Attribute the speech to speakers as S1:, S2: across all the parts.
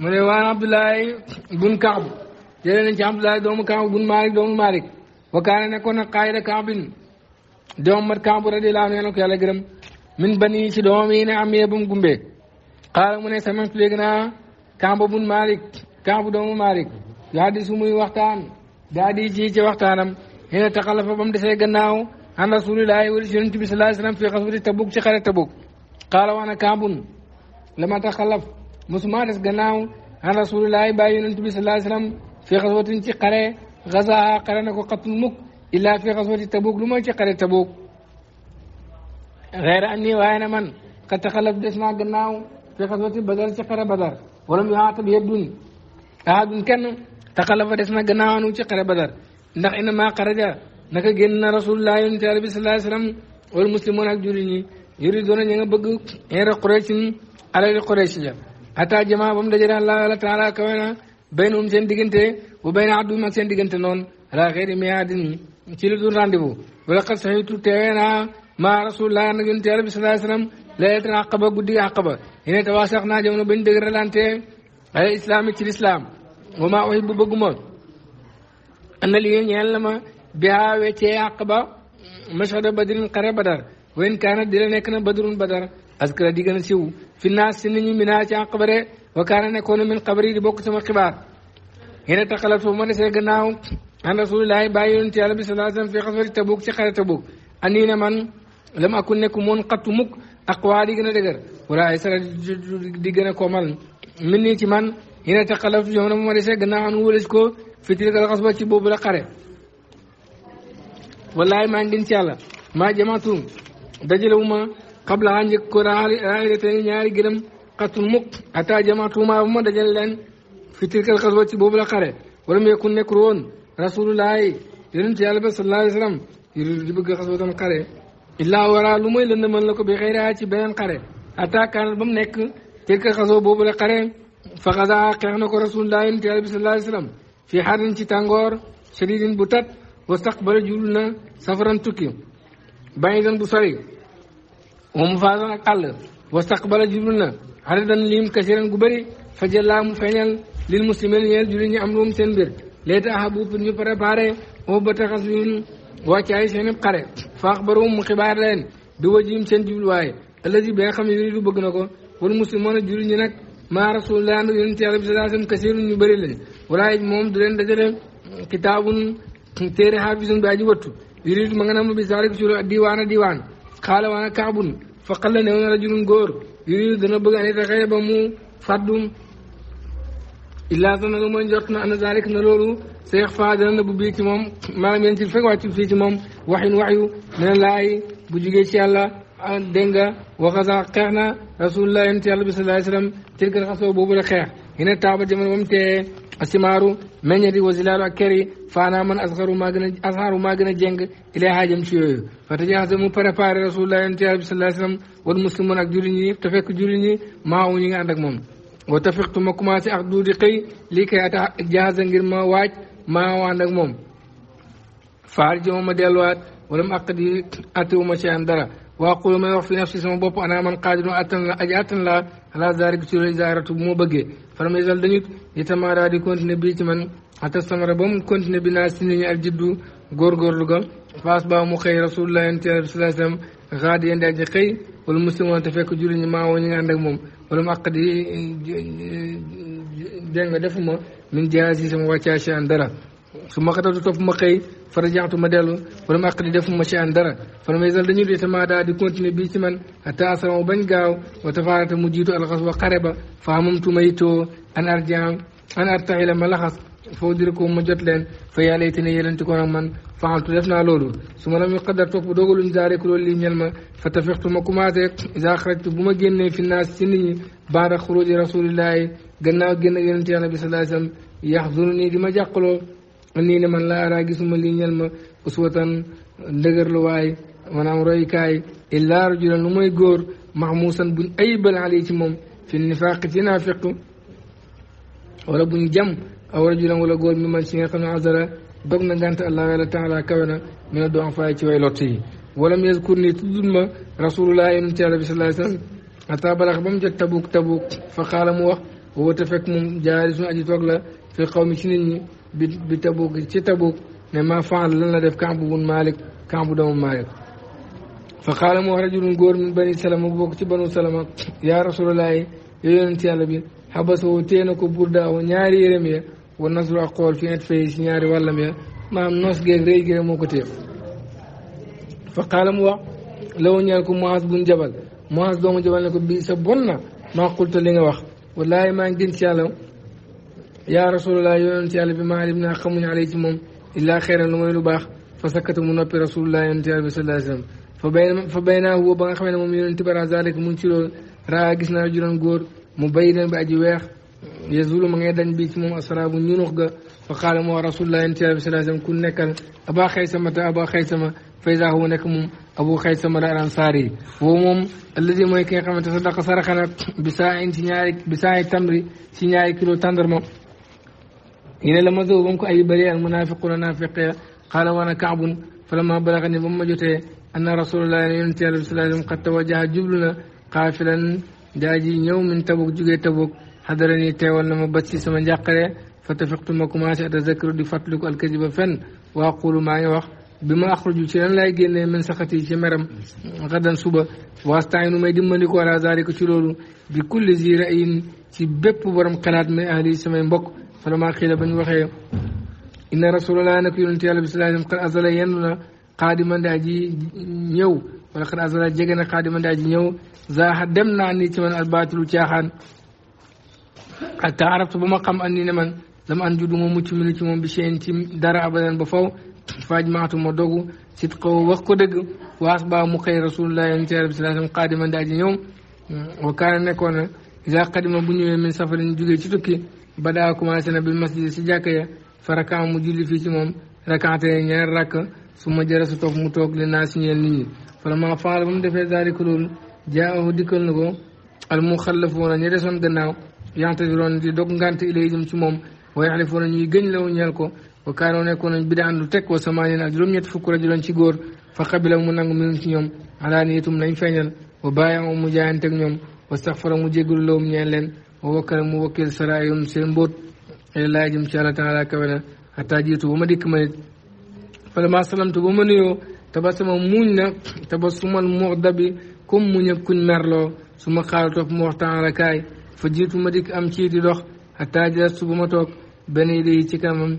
S1: mu ne waan abdullahi bun kaab jëlee nañ ci abdullahi doomu kaab bun malik doomu malik wa kaane nekkoon na xaayida kaabin doom mat kaab radiallahu anhu yàlla ko yàlla gërëm min bani ci doom yi ne amee ba mu gumbee xaala mu ne samant kaab bun malik kaab doomu malik yaa di su muy waxtaan daa di ci ci waxtaanam xëy taxalafa ba mu gannaaw an rasulillahi wali sallallahu alayhi wasallam fi xaswati tabuk ci xare tabuk xaala wax kaabun lama taxalaf musuma des gannaaw an rasulillahi bàyyi yonent bi sallallahu alayhi wasallam fi xaswatin ci xare xasaa xare na ko xatul mukk illaa fi xaswati tabuk lu mooy ci xare tabuk xeer an nii waaye na man xat taxalaf des naa gannaaw fi xaswati badar ci xare badar wala mu yaatab yeddun ahadun kenn taxalafa des na gannaaw anu ci xare badar ndax ina maa xaraja naka génn na rasulullah yonent yàlla bi sallallahu alayhi wasallam wal muslimun ak jullit ñi yuri doona ña nga bëgg xeera Quraysh ala Quraysh ja ataa jamaa ba mu dajale allah ala taala kawe na baynahum seen diggante wa bayna aduwwihim ak seen diggante noonu ala xayri miyaadin ci lu dul rendez-vous wala qad saxitu teewee naa ma rasulullah nag yonent yàlla bi sallallahu alayhi wasallam laylatul aqaba guddi aqaba ine tawaasax naa jamono bañ dëgëralante ala islaami ci lislaam wa maa uhibbu bëgguma ana li ñeel na ma bihaa weccee aqaba mashhada badrin xare badar wa in kaana di la nekk na badrun badar askara di gën a siw fi naas si nit ñi mi naa ci xabare wa kaana nekkoon min xabari di bokk sama xibaar yéen a taxalaf foofu ma desee gannaaw an rasulillahi bàyyi yonent yàlla bi salaa sallam fi xaswati tabuk ci xare tabuk andi ne man lam akun nekk moon xattu mukk aqwaa di gën a dëgër wala ay sara di gën a koomal min nii ci man yéen a taxalaf yow na ma desee gannaaw an wëlis ko fi tilkal xaswa ci boobu la xare wallahi maa ngi ci yàlla maa jamaatu dajalewuma qabla a njëkk ko raxali ñaari gërëm xatun mukk ata ma dajal leen fi tilkal xaswa ci boobu la xare wala mu woon rasulullahi yonent yàlla ba sallallahu alayhi wa sallam yuridu di bëgg xaswa tam lu muy lënd mën la ko bi xëyraa ci beneen xare ata ba mu nekk tilkal xaswa boobu la xare fa xasa xeex na ko rasulullahi yonent yàlla bi sallallahu alayhi wa fii xarin ci tàngoor shadidin bu tat wastaqbala jul na safaran tukki bàyyi dan bu sori moom mu faasa nag àll wastaqbala jublu na xaritan lim kasiran gu bëri faja laa mu feeñal lil muslimin ñeel julli ñu am room seen mbir léegi taxa bu pour ñu préparé oo ba taxas lim wàcc ay mu xibaar leen bi wajim seen jubluwaay ëllëg bi nga xam ne yooyu du bëgg na ko wal muslimoon julli ñi nag maa rasulullah ndax yonent yàlla bi sallallahu alayhi wasallam kasirun ñu leen walaay moom du leen dajale kitaabun téere xaafisun bi aji wattu yuridu ma nga nam bi saalik sura diwaana diwaan قال وانا كعب فقال لنا رجل غور يريد ذنب ان يتغيب مو فدم الا ظن لو من جرتنا ان ذلك نلولو سيخ فادر نبو بيك موم ما لم ينتل فك واتل فيك موم وحي وحي من الله بجيكي شاء الله دنگا وغزا قعنا رسول الله انت الله بس الله عليه وسلم تلك الخصوة بوبو لخيح هنا تابة جمال ومتى asimaru menyeri wa zilaalu fana man asxaru maa gën a jeng ila hajam ci yooyu fatajaxase hazamu préparé rasulullah yonente yàlla bi salaa sallam wal muslimun ak jullit ñi te fek jullit ñi maa ñi nga ànd ak moom wa tafiqtu ma commencé ak duudi xëy lii kay ata jaxasa ngir ma waaj maa ànd ak moom faar ji ma delluwaat wala mu àq di attewuma ci andara wa waa qulu may wax fi nafsi sama bop ana man qadiru atan la ajatan la ala zarik ci zaratu mo beugé faram isal dañu itamaara di continuer bii ci man ata samara ba mu continuer bi naa si nit ñi ak jiddu góorgóorlu ga faas baa mu xëy rasulullah yonent bi sallallahu alayhi wasallam xaadi yéen daal di xëy wala muslimoon te fekk julli maa woo ñu ngi ak moom wala mu àq di eh, eh, dégg nga defuma min jaasi sama wàccaa si dara su ma xatatu topp ma xëy fara jaxtu ma dellu wala ma aqdi defuma ci an dara fara may zal dañuy dee tamaa daa di continuer bii ci man hatta asama bañ gaaw wa tafaarata mu jiitu alxas wa xare ba faamamtu ma yittoo an arjaan an artaxila ma laxas foo dire ko ma jot leen fa yàlla it ne yélanti ko nag man faxaltu def naa loolu su ma lam yu qadar topp doogaluñ zaare ku loolu lii ñel ma fa tafixtu ma commencé isa xarajtu bu ma génnee fi naas ci nit ñi baada xuruji rasulillahi gannaaw génn yonente yàlla bi salaa sallam yaxzuru nii di ma jàqaloo nii ne man laa araa gisuma lii ñel ma uswatan dëgërluwaay maanaam roykaay illaa rajulan lu mooy góor maxmuusan buñ ayibal ali ci moom fi nifaaq ci naafiq wala buñ jam aw rajulan wala góor mi man ci nga xam ne azara dog na ngànt allah yàlla taala kawe na mi ne doon faay ci way lott yi wala mu yaskur nii tuddul ma rasulullah yonent ci yàlla bi sallallahu alayhi wasallam ata balax ba mu jot tabuk tabuk fa xaala mu wax woote fekk moom jaari suñu aji toog la fi xaw mi ci nit ñi bi bi tabuk ci tabuk ne ma faal lan la def kambu bun malik kambu doomu malik fa xaala mu wax rajulun góor min bu bokk ci banu salama yaa rasulallaahi yow yonent bi xabasoo téye na ko burdaaw ñaari yërëm ya wa nasru ak xool fi net fay si ñaari wàllam ya maam noos geeg rëy gi moo ko téye fa xaala mu wax law ñeel ko muas bun jabal muas doomu jabal ne ko bii sa bon na maa xulta li nga wax wallaahi maa ngi gën ci yaa rasulullah yonent yàlla bi maa alim naa xamuñu alay ci moom illaa xeyran lu mooy lu baax fa sakkata mu noppi rasulullah yonent yàlla bi sallallahu alayhi wa sallam fa bay naa huwa ba nga xamee ne moom yonent bara zalik mu ngi ci loolu raa gis naa juróom góor mu bay leen bi aji weex yazulu ma ngay dañ bi ci moom asraabu ñunux ga fa xaala moo rasulullah yonent yàlla bi sallallahu alayhi wa sallam ku nekkal aba xaysama te aba xaysama faysa huwa nekk moom abu xaysama la al ansaari woowu moom alladi mooy ki nga xamante sadaqa saraxana bi saa in ci ñaari bi saa tamri ci ñaari kilo tàndarma هنا لما ذوبهم كأي بريء المنافق نافقين قال وأنا كعب فلما بلغني بما جتي أن رسول الله ينتهي عليه وسلم قد توجه جبلنا قافلا داجي يوم تبوك جوجي تبوك حضرني تيوال لما بتسي سمن جاقري فتفقت مكما أتذكر دي فاتلك الكذب فن وأقول ما يوخ بما أخرج شيئا لا يجي من سخطي شمرم غدا صبا واستعين ما يدمنك على ذلك شلول بكل زي رأي ci bépp borom xalaat mi ahli samay mbokk فلما قيل بن وخي ان رسول الله نك يونت يالله بسم الله قد ازل ين قادما داجي نيو ولا قد ازل جيغنا قادما داجي نيو زاح دمنا ني تي من الباطل تياخان حتى بما قام اني نمن لم ان جودو مو من تي موم بشين تي دار ابدا بفو فاجمعت ما دوغو صدقو وخو دغ واس با مو خير رسول الله ينت يالله بسم الله قادما داجي نيو وكان نكون اذا قدم بنيو من سفر جوغي تي توكي bada commencé na bil masjid si jàkka ya fa rakaa mu julli fi ci mom rakaate ñaari rak su ma jëra su tok mu tok li na si ñeel nit ñi vraiment faala ba mu defé zaalika loolu jaahu dikal nugo al mukhallafuna ñi desoon gannaaw yanta di ron di dog ngant ilay jëm ci mom wa yaxlifuuna ñuy gëñ law ñeel ko wa kaano ne ko nañ bidaan lu tek teg wa samaaneen ak juróom-ñett fukk rajulan ci goor fa qabila mu nang mi ci ñom ala niyatum lañ feñal wa bàyyi mu jaayanteeg ñom wa staxfara mu jéggalu lawum ñeel leen mu wakkal mu wakkil saraayum seen mbóot laa jëm ci yàlla taala kawe na xataa jiitu ba ma dikk ma nit vraiment salamtu ba ma nuyoo tabasama muuñ na tabasumal muxdabi comme muñ ak kuñ merloo su ma mu waxtaan la kaay fa jiitu ma dikk am ci di dox xataa jalastu ba ma toog benn idée yi ci kanamam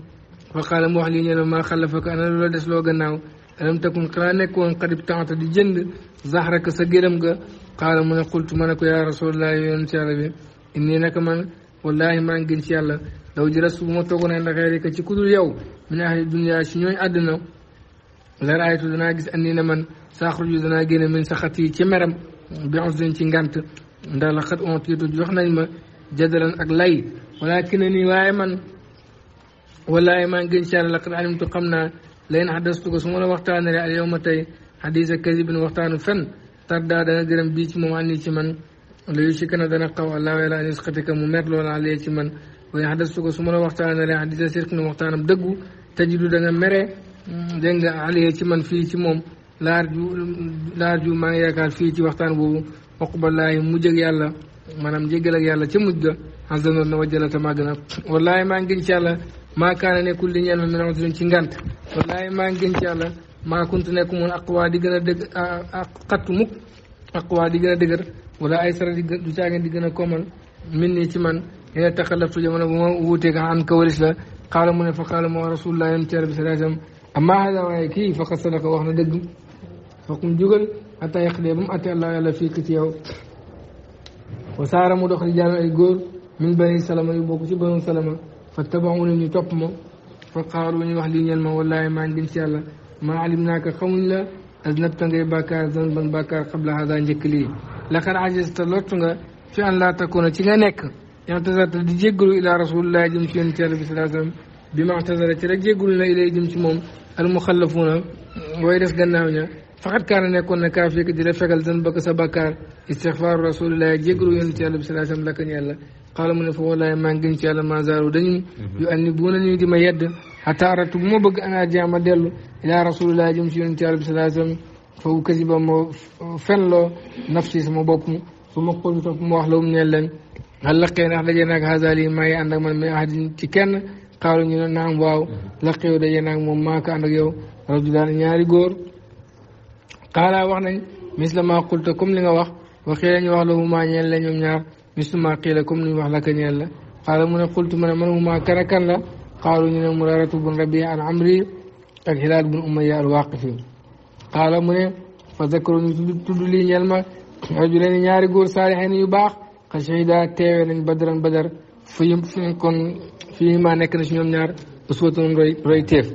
S1: fa xaala mu wax lii ñu ne maa xalafaka ana des loo gannaaw alam takun xalaa nekkoon xadib taxata di jënd zaxraka sa gërëm ga xaala mu ne xultu ma ne ko yaa rasulallah yonent yàlla bi inni naka man wallahi maa ngi ci yàlla daw ji rasul bu ma toogoon ànd ci kudul yow min ahli dunya si ñooy àdduna la raaytu danaa gis andi na man saaxruju danaa génne min sa xat ci meram bi usrin ci ngant ndax la xat jox nañ ma jadalan ak lay walakin waaye man wallahi maa ngi gën ci yàlla laqad alimtu xam naa layn xadastu ko su ma la waxtaanee al yow ma tey xadiisa kasibin waxtaanu fen tarda dana gërëm bii ci moom àndi ci man. léegi si kana dana xaw allah wala an yasqatika mu mer loola lee ci man waaye xadas su ko su ma la waxtaanalee xadisa sirk na waxtaanam dëggu tajidu da nga mere mm, dégg nga ci man fii ci moom laar ju laar ju maa ngi yaakaar fii ci waxtaan boobu waqbalaayi mujj ak yàlla maanaam njéggal ak yàlla ca mujj ga xasanoon na wajjala ta màgg na wallaahi maa ngi gën ci yàlla maa kaana nekkul li ñeel ma min ci ngant maa ngi gën ci yàlla maa kuntu nekk moon aqwaa di gën a dëgg ak xattu mukk di gën a dëgër ولا أي سرد دوتاعي دي جنا كمان من نيتمان هي تخلف في جمال وهو وتك عن كوريس لا قال من فقال ما رسول الله ينتهي بسلاسهم أما هذا وياكي فقد سلك وحنا دق فقم جغل حتى يخدمهم أتى الله يلا في كتيه وسار مدخل جانا يقول من بني سلمة يبوك في بني سلمة فاتبعوني من تقمه فقالوا إني وحدي نعلم والله ما عندي إن شاء الله ما علمناك قوم لا أذنبت أن باكار ذنبا باكار قبل هذا أنجك لكن عجز تلوتشنغا في أن لا تكون تيغانيك يعني تزات ديجيغلو إلى رسول الله جم في أنتر بس لازم بما اعتذر تيجيغلو إلى جم سموم المخلفون ويرس جناونا فقد كان نكون نكافيك دي رفق الزنبك سبكار استغفار رسول الله جيغلو ينتي الله صلى لكن يالله قال من فو الله ما نجنتي الله ما زالوا دنيم يؤنبونني دي ما يد حتى أردت مبق أنا جامع إلى رسول الله جمسي ينتي الله صلى الله foofu kasi ba moo fenloo nafsi sama bopp su ma xool topp mu wax la mu ñeel leen xal laqee ndax dajee naag xasali maa ngi ànd ak man mi ahadin ci kenn xaaru ñu ne naam waaw laqeew dajee naag moom maa ko ànd ak yow rajulaan ñaari góor xaalaa wax nañ misla maa qulta comme li nga wax waxee lañu wax la mu maa ñeel la ñoom ñaar misla maa qiila comme li ñu wax la ka ñeel la xaala mu ne qultu ma ne man mu maa kanakan la xaaru ñu ne muraratu bun rabi an amri ak hilaal bun umayya al waaqifi xaala mu ne fa zakaroni tudd lii ñeel ma rajuleen ñaari góor saalihiin yu baax xa shahida teewee nañ badaran badar fi kon fii ma nekk na si ñoom ñaar uswatun roy roy teef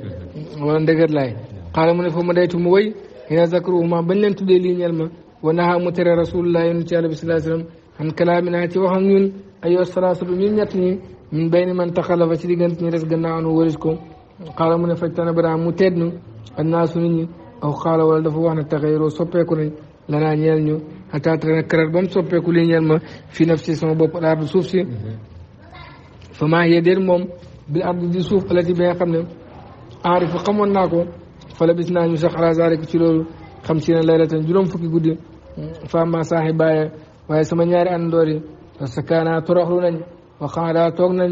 S1: wala ndëgër laay xaala mu ne fa ma daytu mu wëy ina zakaruhuma bañ leen tuddee lii ñeel ma wa naha mu tere rasulullah yonent yàlla bi salaa sallam an kalaamina ci waxam ñun ayoo salaasa bi ñun ñett ñi min bayni man taxalafa ci diggante ñi des gannaaw nu wëris ko xaala mu ne fajtana bara mu teednu annaasu nit ñi aw xaala wala dafa wax ne taxayroo soppeeku nañ lanaa ñeel ñu xataa tere nag karat ba mu soppeeku lii ñeel ma fi naf si sama bopp ardu suuf si fa maa yee déet moom bil ardu di suuf alati bi nga xam ne enrifa xamoon naa ko fala bis naa ñu sax ala zalik ci loolu xam si ne laylatan juróom fukki guddi fama saaxi bàyye waaye sama ñaari àndoor yi parce que kaana toroxlu nañ waxaa daa toog nañ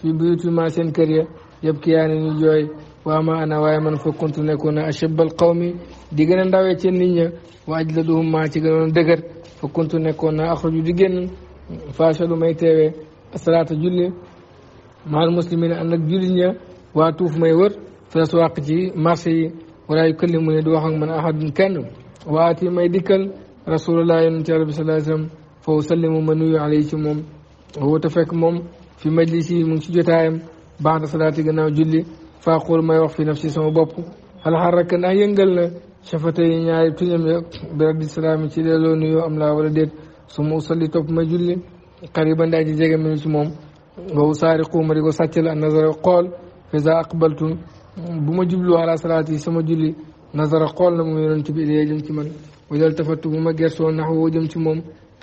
S1: fi buyutu ma seen kër ya yëpp ki yaa ne ñu jooy وما أنا ويا من فكنت نكون أشب القوم ديجنا داوي تنينيا وأجلدهم ما تجنون دقر فكنت نكون أخرج ديجن فاشل ما يتوي الصلاة جل مع المسلمين أنك جلنيا وأتوف ما يور فالأسواق جي مارسي ولا يكلمني دوحا من أحد كان وآتي ما يدكل رسول الله صلى الله عليه وسلم فوسلم من نوي عليه moom woo te fekk moom fi majlis yi mu ngi ci jotaayam faaqul may wax fi nafsi sama bopp hal xaraka ndax yëngal na cafata yi ñaari tuñam ya bi raddi salaami ci delloo nuyoo am laa wala déet su ma usalli topp ma julli xariban daa ji jege minu ci moom wawu saari xuuma di ko sàcc la nazara xool fisa aqbaltu bu ma jublu ala salaati sama julli nazara xool na mu yonent bi ilayya jëm ci man wajal tafattu bu ma gersoo nax woo jëm ci moom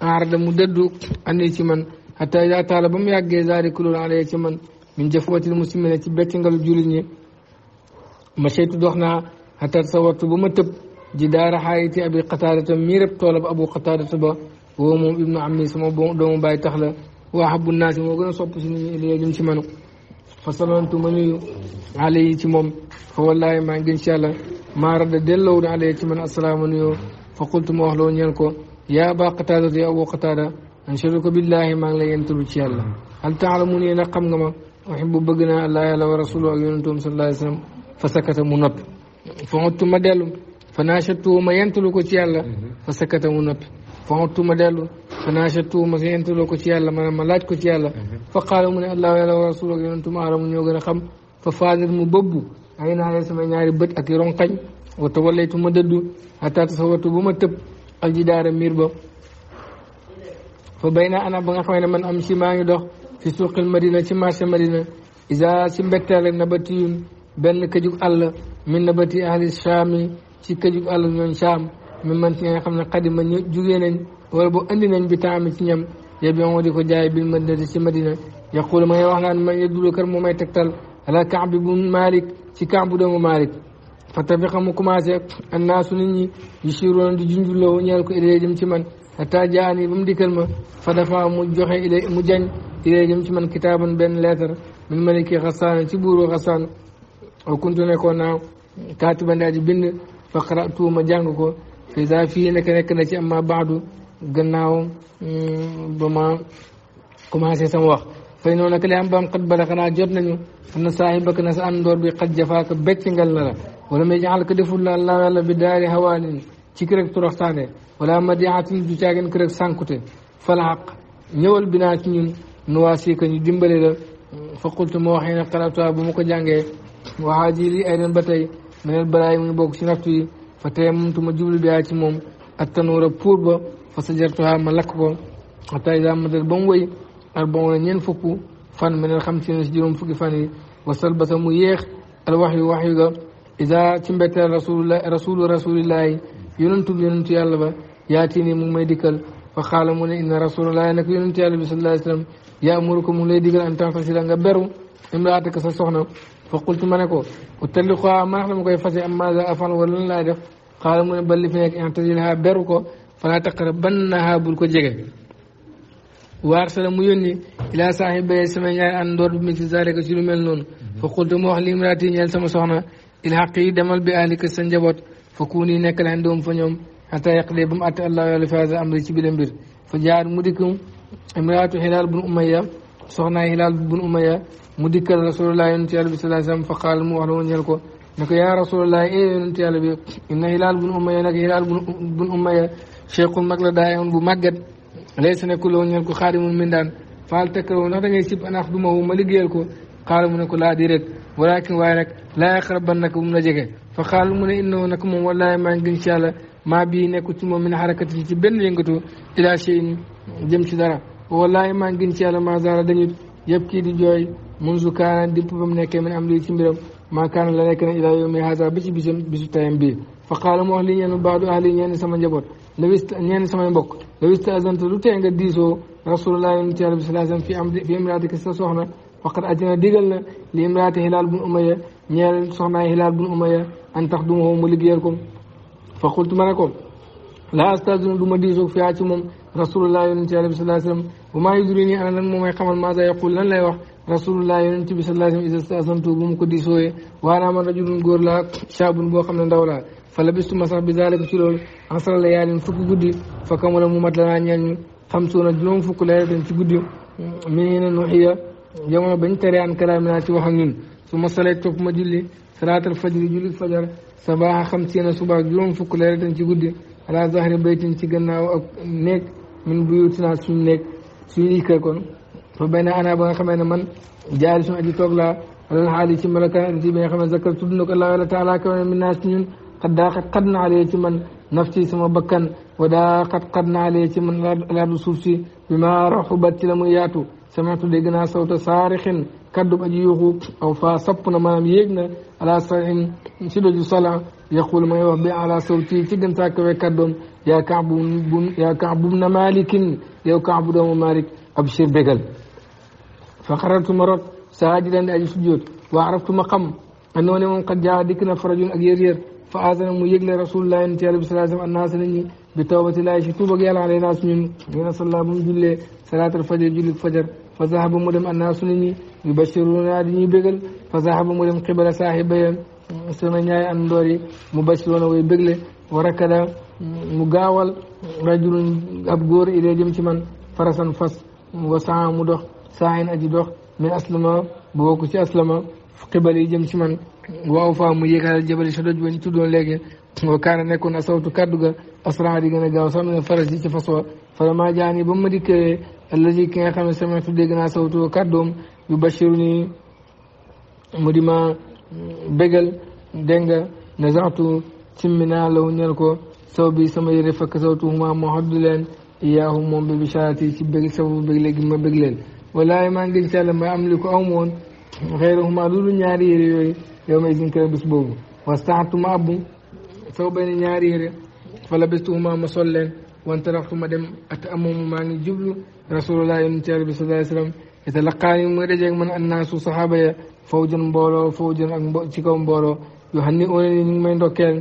S1: aarda mu dëddu andi ci man hatta yaa taala ba mu yàggee zaari kulool alayya ci man من جفوات المسلمين تبت نغل جولني مشيت دوخنا حتى تصورت بمتب جدار حائتي أبي قتادة ميرب طلب أبو قتادة با وهم ابن عمي سمو بون دوم باي تخلا واحب الناس وغنا صوب سنين إلي يجم شمانو فصلنت مني عليه تمام فوالله ما إن شاء الله ما رد دلون عليه تمام السلام نيو فقلت مهلون ينكو يا أبا قتادة يا أبو قتادة أنشرك بالله ما لا ينتبه الله هل تعلمون أن قمنا uhibbu bëgg naa allah yàlla wa rasuluhu ak yonentum sallallahu alayhi wa sallam fa sakata mu noppi fa wattu ma dellu fa naachattuu ma yentulu ko ci yàlla fa sakata mu noppi fa wattu ma dellu fa naachattuu ma yentuloo ko ci yàlla maanaam ma laaj ko ci yàlla fa qaala mu ne allah yàlla wa rasuluhu ak yonentum aaramu ñoo gën a xam fa faanir mu bëbbu ay naa sama ñaari bët ak ronkañ wata walaytu ma dëddu hatta tasawatu bu ma tëb aljidaara miir ba fa bay naa ana ba nga xamee ne man am si maa ngi dox fi suuqil madina ci marché madina isa si mbégteele nabatiyun benn këjug àll min nabati ahli shaami ci këjug àll ñoon shaam mi man ci nga xam ne xadima ñu jugee nañ wala bu andi nañ bi taami ci ñam yëpp yow di ko jaay bil madinati ci madina yaqulu ma ngay wax naan ma yeddulo kër moo may tegtal ala kaab bu malik ci kaab bu doomu malik fa tafiqa mu commencé annaasu nit ñi yusiroon di junjuloo ñeel ko ilay jëm ci man hatta jaani ba mu dikkal ma fa dafa mu joxe ilay jëm ci man kitaaban benn lettre min maliki xasaan ci buuru xasaan o kuntu nekkoon naa kaatiban aji bind fa qara'tu ma jàng ko fisa fii nekk nekk na ci amma baadu gannaaw mm, ba ma commencé sama wax fay noonu nag li am ba am xat bala xanaa jot nañu na saahibak na sa àndoor bi xat jafaaka beccingal na la wala may jaxal ko deful la allah yàlla bi daari hawaanin ci kërëg toroxtaane wala ma diatin du caagin kërëg sànkute fala xaq ñëwal binaa ci ñun نواسي كني دمبلي لا فقلت ما حين قرأتها بمك جانجي وهاجيري أيضا بتي من البراي من بوك سنفتي فتيمم تمجول بياتمم التنور بقرب فسجرتها ملكبا حتى إذا مدر بنوي أربعون ين فن من الخمسين سجرم فكي فني وصل بثمو يخ الوحي وحي إذا تنبت رسول الله رسول رسول الله ينتو ينتو يالبا ياتيني مميديكال فخالمون إن رسول الله أنك ينتو يالبا صلى الله عليه وسلم yaa muru ko mu ngi lay digal an temps si la nga beru imraataka sa soxna fa qultu ma ne ko utalliquha ma nax la ma koy fase am maza afal wala lan laay def xaaral mu ne bal li fi nekk i'tazilha beru ko falaa taqrabannaha bul ko jege. waarsala mu yónni ilaa saahibi sama ñaari àndoor bi mi si zalika si lu mel noonu fa qultu mu wax li imraati ñeel sama soxna il xaq yi demal bi ahlika sa njaboot fa kuuni nekk leen doom fa ñoom xataa yaqdi ba mu àtte allah yàlla fi am ci biir mbir fa jaar mu dikkum imraatu hilaal bun umaya soxnaa hilaal bun umaya mu dikkal rasulullah yonent yàlla bi sallallahu alayhi wa sallam fa qaal mu wax la woon ñeel ko ne ko yaa rasulullah eh e yonent yàlla bi inna hilaal bun umaya nag hilaal bun umaya cheikhul mag la daayoon bu màggat laysa nekkul woon ñeel ko xaadimul mindaan faal takkarawo ndax da ngay sib anax duma wu ma liggéeyal ko xaala mu ne ko laa di rek walakin waaye nag laa yaqraban nag bu mu la jege fa xaal mu ne innahu nag moom wallaahi maa ngi gën ci yàlla maa bii nekku ci moom min xarakati ci benn yëngatu ila cheyin jëm ci dara wallahi maa ngi ci yàlla ma zaara dañu yëpp kii di jooy munzu kaana dipp ba mu nekkee min am lii ci mbiram maa kaana la nekk na ilaa yawmi haza ba ci bisam bisu tayam bii fa qaala mu wax lii ñeen baadu ahli ñeen sama njaboot la wist ñeen samay mbokk la wista azanta lu tee nga diisoo rasulullah yonent ci yàlla bi salaa sallam fi am fi imraatika sa soxna faqad ajna digal na li imraati hilaal bun umaya ñeel soxnaay hilaal bun umaya an tax dumahu mu liggéeyal ko fa qultu ma ne ko laa astazina du ma diisoog fiyaa ci moom rasulullah yonente yàlla bi salaa sallam wa maa yudri nii ana lan moo may xamal maasa yaqul lan lay wax rasulullah yonente bi salaa sallam isa stasantu bu mu ko diisooyee waanaa man rajulun góor laa shaabun boo xam ne ndaw laa fa labistuma sax bi zalika ci loolu asra layaalin fukk guddi fa kamala mu mat lanaa ñeel ñu xam suuna juróom fukk laylatan ci guddi mi ngi ne nuxiya jamono bañ tere an kalaamina ci wax ak ñun su ma salee topp ma julli salaatal fajri julli fajar sabaaxa xam siina subaa juróom fukk laylatan ci guddi على ظهر بيت تجنا نك من بيوتنا سن نك سن يكون فبين انا بين خمين من جالس ادي توغلا على حالي في ملكا انتي بين خمين ذكرت ابنك الله تعالى كمان من الناس نيون قد داخت قدنا عليه تي من نفسي سما بكن ودا قد قدنا عليه تي من لا سوفسي بما رحبت لم ياتو سمعت دغنا صوت صارخ كدب اجي يخو او فا صبنا ما يغنا على صحيح سيدو صلاه يقول ما يوضع على صوتي تجن تاكو يكدون يا كعب بن يا كعب بن مالك يا كعب بن مالك ابشر بقل فقررت مرات ساجدا اجي سجود وعرفت مقام انه من قد جاء ديكنا فرج اجير فاذن يجل رسول الله صلى الله عليه وسلم الناس ني بتوبه لا يشتوب على الناس من من صلى الله عليه وسلم صلاه الفجر جل الفجر فذهب مدم الناس ني يبشرون ادي بقل فذهب مدم قبل صاحبين sona ñaari àndoor yi mu basiroona way bégle wa rakkada mu gaawal rajulun ab góor ilee jëm ci man farasan fas wa saa mu dox saa in aji dox min aslama bu bokk ci aslama xibal yi jëm ci man waaw fa mu yéegal jabali sa doj ba ñu tuddoon léegi wa kaana nekkoon asawtu kaddu ga asra di gën gaaw sax mu faras yi ci fas fara maa jaani ba ma dikkee allazi ki nga xam ne samitu dégg naa sawtu yu bashiru nii mu di bégal dégg nga nasantu simmi naa law ñel ko saw bi sama yëre fakk sawtu huma ma xoddu leen iyaahu moom bi bisharati ci bég sababu bég léegi ma bég leen wallaahi maa ngi incha ma am li ko aw woon xëyru huma loolu ñaari yére yooyu boobu wastaxatu ma abbu saw benn ñaari yére fa labistu ma sol leen wantaraxtu ma dem at amoom maa ngi jublu rasulullah yonente bi sallallahu alayhi wa mu dajeeg man annaasu saxaaba ya faw jën mbooloo faw jën ak mbo ci kaw mbooloo yoo xam ne ni ñu ngi may ndokkeel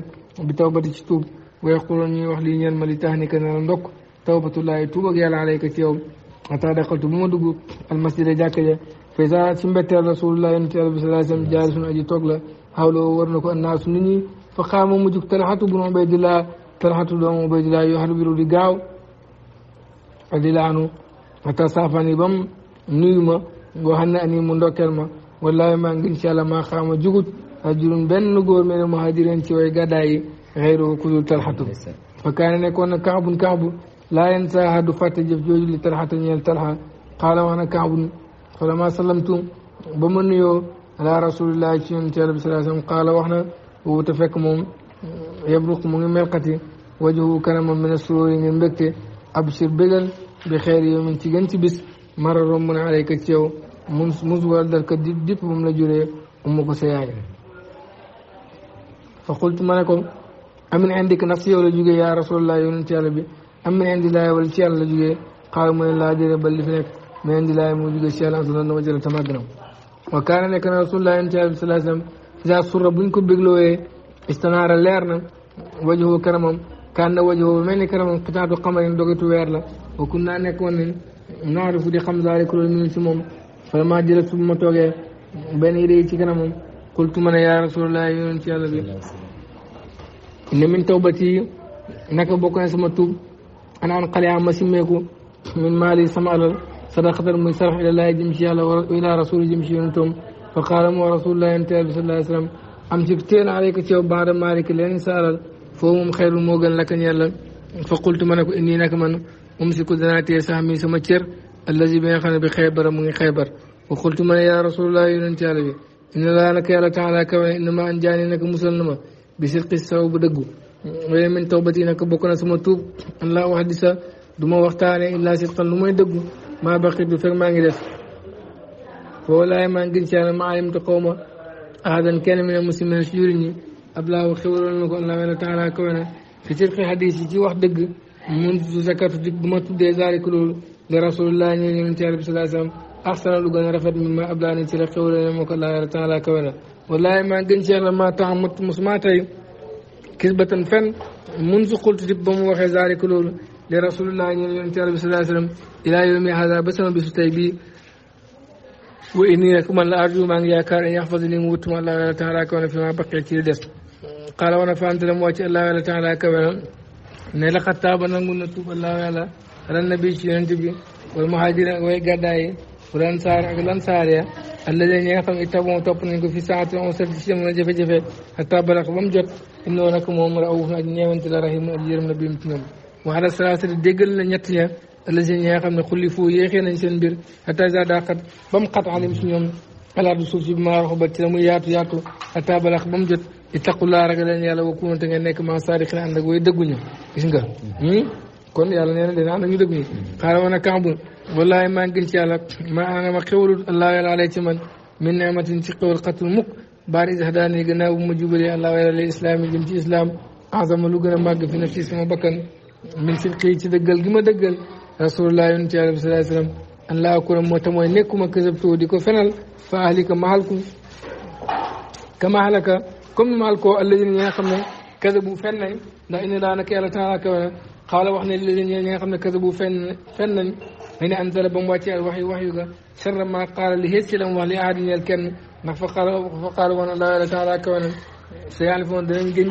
S1: bi tawbati ci tuub way xuloon ñuy wax lii ñeen ma li tax ni que ne la ndokk tawbatullaahi tuub ak yàlla ci yow ataa daxaltu bu ma dugu almasjida jàkka ja faysa ci mbetteel rasulullah yonent yàlla bi salaa sallam jaari suñu aji toog la xawloo war na ko annaasu nit ñi fa xaama mu jug talxatu bu nu ubaydillah talxatu doomu di gaaw ak di laanu ataa saafani bam nuyu ma boo ne ani mu ndokkeel ma wallaahi maa ngi ci yàlla maa xaama jugut rajulun benn góor mel ne muhajirin ci way gàddaay yi xëyroo ku dul talxatu fa kaane nekkoon na kaxbun kaxbu laa yen saaha du fàtte jëf jooju li talxatu ñeel talxa xaala wax na kaxbun xolama salamtu ba ma nuyoo ala rasulillah ci yonent yàlla bi salaa sallam xaala wax na wu te fekk moom yabruq mu ngi melxati wajuhu kanamam min suróori ngir mbégte abshir bégal bi xeer yow min ci gën ci bis mara romb na alayka ci yow mun mus waladal ka di dipp moom la juree umma ko sa yaay fa xultu ma ne ko amin indik naf si yow la jugee yaa rasulallah yonent yàlla bi amin indi laay wala ci yàlla la jugee xaaral mu ne laa déedéet ba li fi nekk mais indi laay moo jugee si yàlla asalaam dama jëlee tamit gënam wa kaana nekk na rasulallah yonent yàlla bi salaa sallam isa surra buñ ko béglooyee istanaara leer na wajuhu kanamam kaan na wajuhu mel ni kanamam xitaatu xamarin dogetu weer la wa kun naa nekkoon nañ naarifu di xam zaari kuréel mi ci moom vraiment jëlaat su ma toogee benn idée ci kanamam xultu ma ne yaa rasulallah yoon ci yàlla bi ne min tawbati naka bokk na sama tuub ana an xale am ma simmeeku min maali sama alal sadaqatan muy sarax ilallahi jëm ci yàlla wa ila rasuli jëm ci yonentoom fa qaala mu wa rasulullah yonent bi sallallahu alayhi wa sallam am si téen aleyka ci yow baada maalika leen sa alal foo moom xeyrul moo gën lakkañ yàlla fa qultu ma ne ko indi naka man um si ko danaa téye sax mi sama cër الذي بين بخيبر من خيبر وقلت ما يا رسول الله يننتي علي ان لا لك يا الله تعالى كما انما انجاني انك مسلمه بسرق الثوب دغ ومن توبتي انك بكنا سما توب ان لا احدث دوما وقتاني الا صدقا لمي دغ ما بقي دو فك ماغي ديس فولا ما نغي شان ما علمت قوما هذا كان من المسلمين شيورني ابلا وخير لك ان الله تعالى كما في سرق حديث جي واخ دغ من ذكرت دي بما تدي ذلك لرسول الله صلى الله عليه وسلم أحسن لغان رفض من ما أبلا أن يترى قولا يموك الله تعالى كبيرا والله ما قلت شهر ما تعمت مسماتي كذبة فن منذ قلت جب موحي ذلك لول لرسول الله صلى الله عليه وسلم إلى يوم هذا بسم بسطي وإني لكم أن أرجو من يكار أن يحفظني موت ما الله تعالى كبيرا فيما بقي كيردس قال وانا فانت لم واتي الله تعالى كبيرا نلقى التابة نمو نتوب الله تعالى ala nabi ci yonent bi way muhaajiriin way gàddaay yi wala ansaar ak lansaar ya alladi ñi nga xam itaboo topp nañ ko fi saati on sat ci jamono jafe-jafe hatta balax ba mu jot innoo nag moom raawuf ak ñeewante la rahim ak yërëm na bi mu ci ñoom wa ala salaasati déggal la ñett ña alladi ñi nga xam ne xulli foo yéexee nañ seen mbir hatta isa daqat ba mu xat alim ci ñoom alaadu suuf si bi maa wax ba ci la muy yaatu yaatu hatta balax ba mu jot ittaqulaa ragal leen yàlla wa kuunate nga nekk maa saadiqin ànd ak way dëgguñu gis nga hmm? kon yàlla nee na dina am nañu dëgg ñu xaaral ma ne Kambou wallaahi maa ngi gën ci yàlla maa ana ma xewlul allah yàlla alee ci man min neematin ci xewal xatul mukk baari is xadaani gannaaw bu ma jubalee allah yàlla alee islam yi jëm ci islam azama lu gën a màgg fi nafsi sama bakkan min sidqi ci dëggal gi ma dëggal rasulullah yonent yàlla bi salaai sallam allah akuram moo ta mooy nekkuma kësabtoo di ko fenal fa ahlika ma halku kama halaka comme ni ma halkoo alladina ñi nga xam ne kese bu fen nañ ndax indi laa nag yàlla taala kawe na xaala wax ne li ñi nga xam ne kese bu fen fen nañ mu ne anzala ba mu wàccee al waxyu waxyu ga sharra ma qaala li xeet si la mu wax li aadi ñeel kenn ndax fa qaala fa qaala woon allah yàlla taala kawe na sa yàlla foon danañ gëñ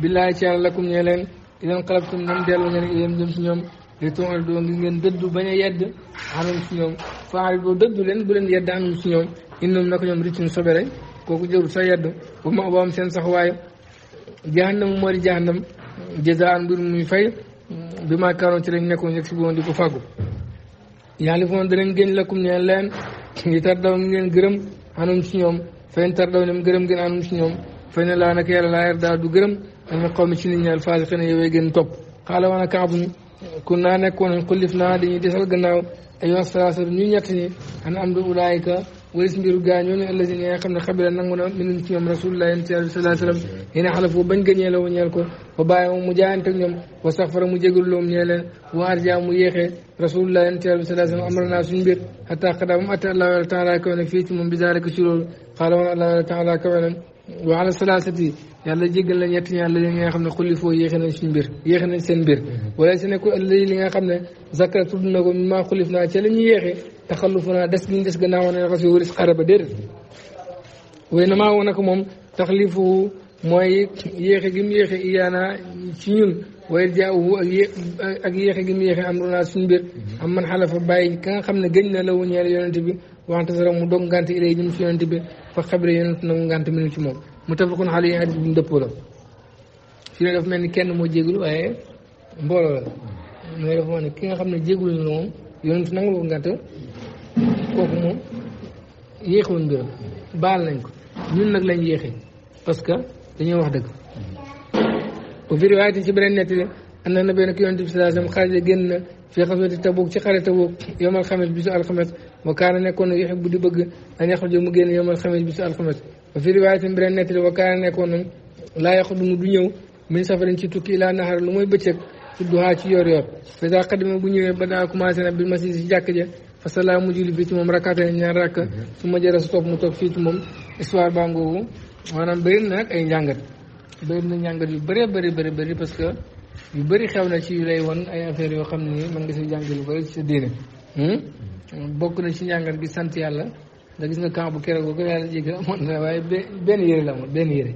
S1: billaay ci yàlla lakum ñee leen idan xalabtum ñoom dellu ngeen yéen jëm si ñoom li tool doo ngi ngeen dëddu bañ a yedd anum si ñoom faari doo dëddu leen bu leen yedd anum si ñoom innum nako ñoom riccum sobere kooku jëru sa yedd bu ma boom seen saxwaay jahannam moo di jahannam jazaan mbir muy fay bi ma kaaroon ci lañ nekkoon yëg si woon di ko fàggu yàlla woon danañ génn lakkum neen leen yi tardaw daw ngeen gërëm anum si ñoom fay tar tardaw nem gërëm ngeen anum si ñoom fay ne laa naka yàlla laa yar daal du gërëm dañu xaw mi ci nit ñaar faasi xëy na yow gën topp xaala wan a kaabuñu kun naa nekkoon xullif naa dañuy desal gannaaw ay wax salaasal ñu ñett ñi an am du ulaayika وليس بيرجعون الذين يأخذون خبر أن من يوم رسول الله صلى الله عليه وسلم هنا حلفوا بنجن يلو نيالكو وبايعوا مجاهن تنجم وسافروا مجيغل لهم نيالا وارجع ميخي رسول الله صلى الله عليه وسلم أمرنا سنبير حتى قدام أتى الله تعالى كون فيت من بذلك شرور قالوا الله تعالى كون وعلى الثلاثة يالله جيغل لن يتنى الذين يأخذون خلفوا يخنا سنبير يخنا سنبير وليس نكو الذين يأخذون ذكرت ابنكم ما خلفنا تلني يخي taxallufuna des gi ñu des gannaaw ne raxas yu waris xaraba déedéet wéy na maa woon ak moom taxlifu mooy yéexe gi mu yéexe iyaana ci ñun waaye jaawu ak ak yéexe gi mu yéexe am naa suñu mbir am man xalafa bàyyi ka nga xam ne gëñ na la wu ñeel yonent bi waxante mu doog ngante ilay ñum ci yonent bi fa xabre yonent na mu ngante minu ci moom mu tafakon xale yi hadis bi ñu dëppoo la fii ne dafa mel ni kenn moo jégul waaye mbooloo la mooy dafa wax ne ki nga xam ne jégul ñu moom yonentu nanga woo ngànte kooku moom yéexoon mbiram baal nañ ko ñun nag lañ yéexee parce que dañoo wax dëgg bu firi waaye ci beneen nettali am na na benn ki yonent bi sallallahu alayhi wasallam xaaja génn na fii xaswati Tabuk ci xare Tabuk yowmal xamis bisu alxames nekkoon na yuhibbu di bëgg an yaxruja mu génn yowmal xamis bisu alxames ba fi riwaayatin beneen nettali wa kaana nekkoon na laa yaxruju mu du ñëw min safarin ci tukki ilaa nahar lu mooy bëccëg ci duha ci yor yor fa daa qadima bu ñewé ba daa commencé nag bi masjid ci jakk ja fa salamu mu julli fii ci mom rakata ñaar rak su ma jëra stop mu tok fi ci mom histoire ba ngoogu maanaam bëri na nag ay njàngat beul na njàngat yu bari bari bari bari parce que yu bari xewna ci yu lay won ay affaire yo xamni man nga ci jangal lu bëri ci diine hmm bokku na ci njàngat bi sante yalla da gis nga kan bu keroog ko yàlla jégal amoon na way ben yére la mo ben yére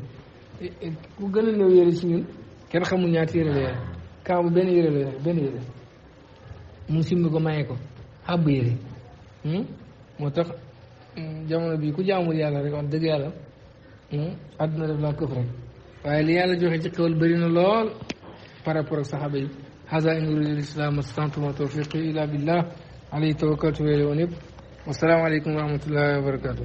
S1: eh, eh, ku gën a néew ci ñun kenn xamul ñaata yére la yàlla kaabu benn yére la yor benn yére mu simmi ko maye ko xàbb yére hmm? moo tax hmm, jamono bii ku jaamul yàlla rek wax dëgg yàlla hmm, àdduna def laa këf rek waaye li yàlla joxe ci xewal bëri na lool par rapport ak saxaaba yi hasa in uridu lislam astantuma tawfiqi illa billah alayhi tawakkaltu wa ilayhi unib wassalaamu aleykum wa rahmatullahi wa barakatuh